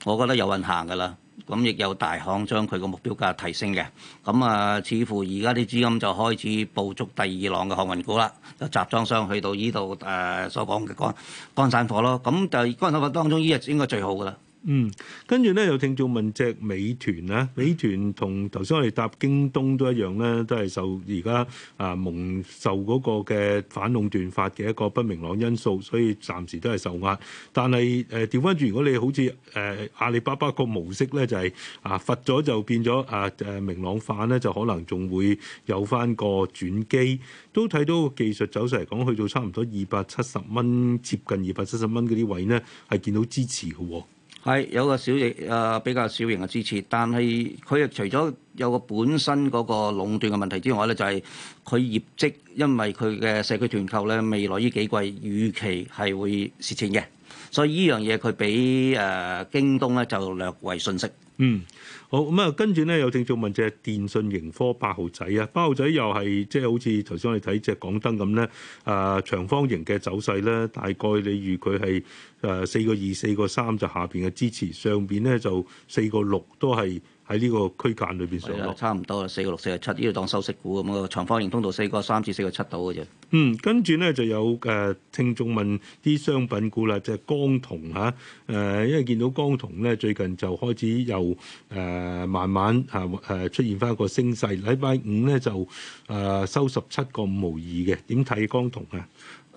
我覺得有運行噶啦，咁亦有大行將佢個目標價提升嘅，咁啊，似乎而家啲資金就開始捕捉第二浪嘅航運股啦，由集裝箱去到依度誒所講嘅乾乾散貨咯，咁就乾散貨當中呢日應該最好噶啦。嗯，跟住咧，有聽眾問隻美團咧，美團同頭先我哋搭京東都一樣咧，都係受而家啊蒙受嗰個嘅反壟斷法嘅一個不明朗因素，所以暫時都係受壓。但係誒調翻轉，如果你好似誒、呃、阿里巴巴個模式咧、就係，就係啊罰咗就變咗啊誒明朗化咧，就可能仲會有翻個轉機。都睇到技術走勢嚟講，去到差唔多二百七十蚊，接近二百七十蚊嗰啲位呢，係見到支持嘅、哦。係有個小型啊、呃，比較小型嘅支持，但係佢啊除咗有個本身嗰個壟斷嘅問題之外咧，就係、是、佢業績，因為佢嘅社區團購咧，未來呢幾季預期係會蝕錢嘅，所以呢樣嘢佢畀誒、呃、京東咧就略為遜色。嗯。好咁啊！跟住咧有正做問隻電訊盈科八號仔啊，八號仔又係即係好似頭先我哋睇隻港燈咁咧，啊、呃、長方形嘅走勢咧，大概你預佢係誒四個二、四個三就下邊嘅支持，上邊咧就四個六都係。喺呢個區間裏邊上落差唔多啦，四個六四個七，呢度當收息股咁啊，長方形通道四個三至四個七度嘅啫。嗯，跟住咧就有誒、呃、聽眾問啲商品股啦，即係江銅嚇誒，因為見到江銅咧最近就開始又誒、呃、慢慢嚇誒、呃呃、出現翻一個升勢。禮拜五咧就誒收十七個五毫二嘅，點睇江銅啊？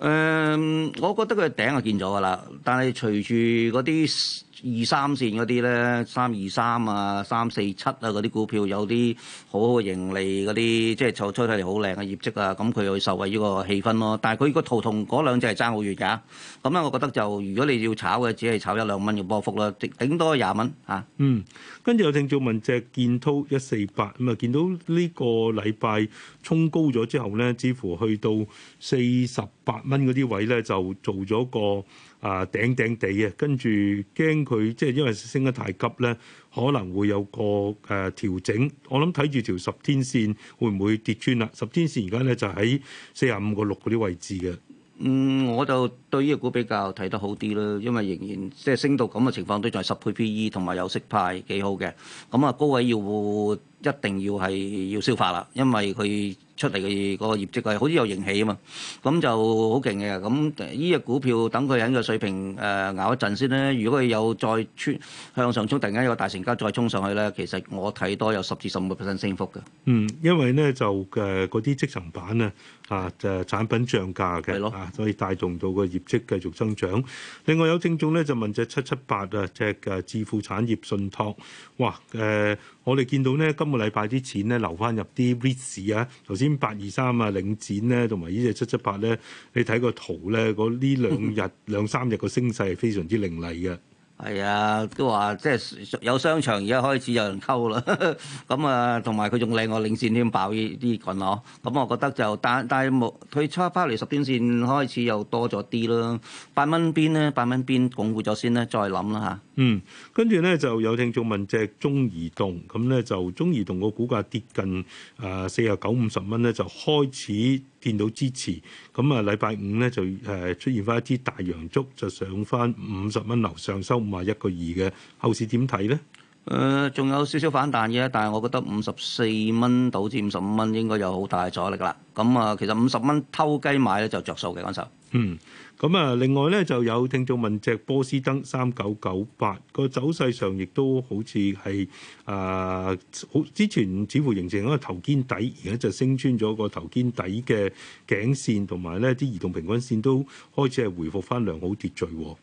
誒，我覺得佢頂我見咗噶啦，但係隨住嗰啲。二三線嗰啲咧，三二三啊，三四七啊，嗰啲股票有啲好盈利嗰啲，即係出出嚟好靚嘅業績啊，咁佢又受惠呢個氣氛咯。但係佢個圖同嗰兩隻係爭好遠㗎。咁咧，我覺得就如果你要炒嘅，只係炒一兩蚊嘅波幅咯，頂多廿蚊嚇。啊、嗯，跟住有正做問隻建滔一四八，咁啊見到呢個禮拜衝高咗之後咧，似乎去到四十八蚊嗰啲位咧，就做咗個。啊頂頂地啊，跟住驚佢即係因為升得太急咧，可能會有個誒、呃、調整。我諗睇住條十天線會唔會跌穿啦？十天線而家咧就喺四十五個六嗰啲位置嘅。嗯，我就對呢個股比較睇得好啲啦，因為仍然即係升到咁嘅情況，都仲係十倍 P/E 同埋有息派，幾好嘅。咁啊，高位要戶一定要係要消化啦，因為佢。出嚟嘅個業績係好似有盈喜啊嘛，咁就好勁嘅。咁呢隻股票等佢喺個水平誒捱、呃、一陣先咧。如果佢有再穿向上衝，突然間有個大成交再衝上去咧，其實我睇多有十至十五個 percent 升幅嘅。嗯，因為咧就誒嗰啲積層板咧嚇誒產品漲價嘅，的啊，所以帶動到個業績繼續增長。另外有聽眾咧就問隻七七八啊，隻嘅置富產業信託，哇誒！啊我哋見到咧，今個禮拜啲錢咧流翻入啲 REITs 啊，頭先八二三啊領展咧、啊，同埋呢隻七七八咧，你睇個圖咧，嗰呢兩日兩 [laughs] 三日個升勢係非常之凌厲嘅。係啊、哎，都話即係有商場而家開始有人溝啦，咁、這個、啊，同埋佢仲靚我領線添爆呢啲羣囉，咁我覺得就但但係冇佢出翻嚟十天線開始又多咗啲咯，八蚊邊咧，八蚊邊鞏固咗先咧，再諗啦吓，嗯，跟住咧就有聽眾問隻中移動，咁咧就中移動個股價跌近誒四十九五十蚊咧，呃、49，就開始。見到支持，咁啊，禮拜五咧就誒出現翻一支大洋燭，就上翻五十蚊樓上收五啊一個二嘅，後市點睇咧？誒、呃，仲有少少反彈嘅，但係我覺得五十四蚊到至五十五蚊應該有好大阻力啦。咁、嗯、啊，其實五十蚊偷雞買咧就着數嘅，講實。嗯。咁啊，另外咧就有聽眾問隻波司登三九九八個走勢上亦都好似係啊，好之前似乎形成一個頭肩底，而家就升穿咗個頭肩底嘅頸線，同埋咧啲移動平均線都開始係回復返良好秩序喎。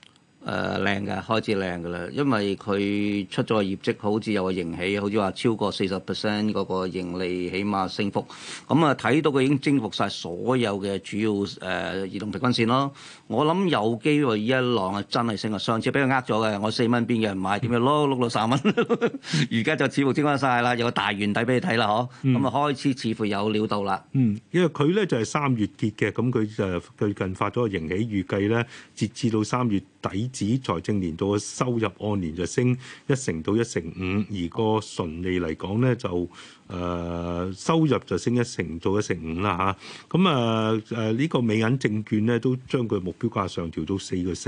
誒，靚嘅開始靚嘅啦，因為佢出咗個業績，好似有個盈起，好似話超過四十 percent 嗰個盈利，起碼升幅。咁啊，睇到佢已經征服晒所有嘅主要誒移動平均線咯。我諗有機會一浪啊，真係升啊！上次俾佢呃咗嘅，我四蚊邊有人買？點樣碌碌到三蚊？而家就似乎征翻晒啦，有個大圓底俾你睇啦，嗬。咁啊，開始似乎有料到啦。嗯，因為佢咧就係三月結嘅，咁佢就最近發咗個盈起預計咧，截至到三月底。指財政年度嘅收入按年就升一成到一成五，而個純利嚟講咧就誒、呃、收入就升一成到一成五啦嚇。咁啊誒呢、啊這個美銀證券咧都將佢目標價上調到四個四。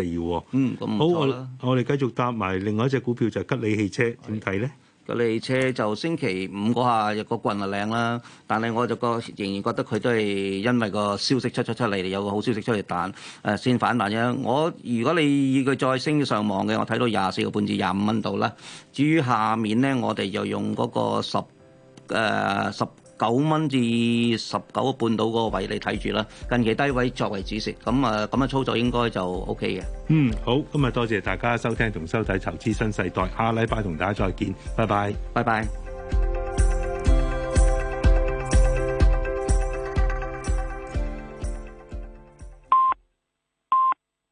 嗯，咁好，我我哋繼續搭埋另外一隻股票就係吉利汽車點睇咧？你利車就星期五嗰下個棍啊靚啦，但係我就覺仍然覺得佢都係因為個消息出出出嚟，有個好消息出嚟彈誒先反彈啫。我如果你以佢再升上望嘅，我睇到廿四個半至廿五蚊度啦。至於下面咧，我哋就用嗰個十誒十。九蚊至十九半到嗰個位，你睇住啦。近期低位作為止蝕，咁啊咁樣操作應該就 OK 嘅。嗯，好，今日多謝大家收聽同收睇《投資新世代》，下個禮拜同大家再見，拜拜，拜拜。